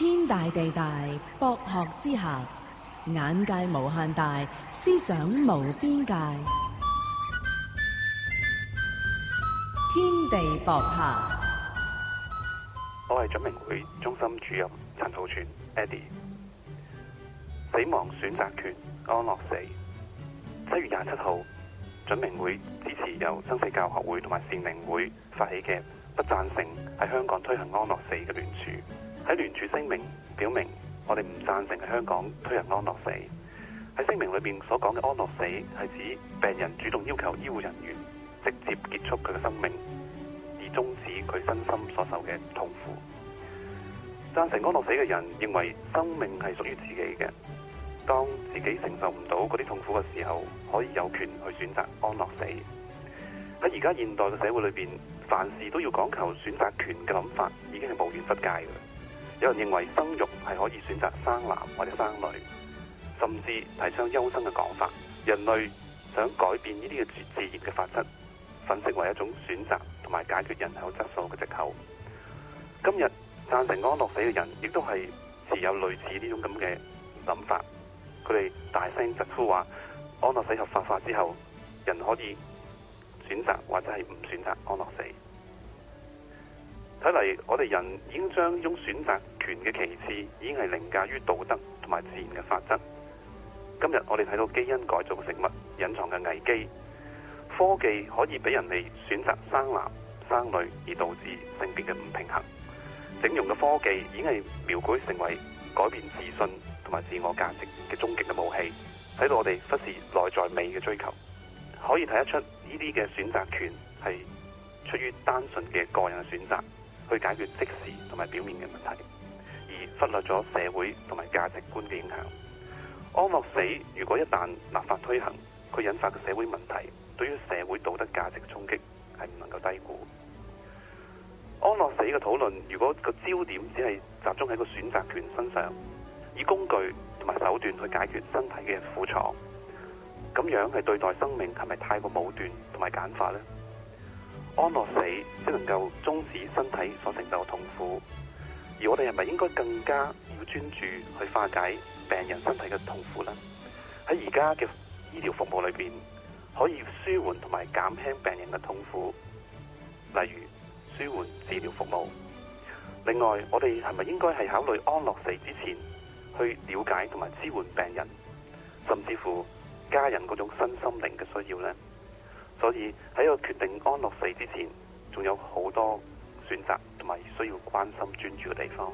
天大地大，博學之下，眼界無限大，思想無邊界。天地博客。我係准明會中心主任陳浩泉，Eddie。死亡選擇權，安樂死。七月廿七號，准明會支持由生死教學會同埋善明會發起嘅不贊成喺香港推行安樂死嘅聯署。喺聯署聲明表明，我哋唔贊成喺香港推行安樂死。喺聲明裏邊所講嘅安樂死，係指病人主動要求醫護人員直接結束佢嘅生命，以終止佢身心所受嘅痛苦。贊成安樂死嘅人認為，生命係屬於自己嘅，當自己承受唔到嗰啲痛苦嘅時候，可以有權去選擇安樂死。喺而家現代嘅社會裏邊，凡事都要講求選擇權嘅諗法，已經係無遠弗屆嘅。有人認為生育係可以選擇生男或者生女，甚至提倡優生嘅講法。人類想改變呢啲嘅自然嘅法則，粉飾為一種選擇同埋解決人口質素嘅藉口。今日贊成安樂死嘅人，亦都係持有類似呢種咁嘅諗法。佢哋大聲疾呼話：安樂死合法化之後，人可以選擇或者係唔選擇安樂死。睇嚟我哋人已經將呢種選擇權嘅其次已經係凌駕於道德同埋自然嘅法則。今日我哋睇到基因改造嘅食物隱藏嘅危機，科技可以俾人哋選擇生男生女，而導致性別嘅唔平衡。整容嘅科技已經係描繪成為改變自信同埋自我價值嘅終極嘅武器，使到我哋忽視內在美嘅追求。可以睇得出呢啲嘅選擇權係出於單純嘅個人嘅選擇，去解決即時同埋表面嘅問題。而忽略咗社會同埋價值觀嘅影響，安樂死如果一旦立法推行，佢引發嘅社會問題，對於社會道德價值嘅衝擊係唔能夠低估。安樂死嘅討論，如果個焦點只係集中喺個選擇權身上，以工具同埋手段去解決身體嘅苦楚，咁樣係對待生命係咪太過武斷同埋簡化呢？安樂死只能夠終止身體所承受嘅痛苦。而我哋係咪應該更加要專注去化解病人身體嘅痛苦呢？喺而家嘅醫療服務裏面，可以舒緩同埋減輕病人嘅痛苦，例如舒緩治療服務。另外，我哋係咪應該係考慮安樂死之前，去了解同埋支援病人，甚至乎家人嗰種身心靈嘅需要呢？所以喺個決定安樂死之前，仲有好多選擇同埋需要關心，專注嘅地方。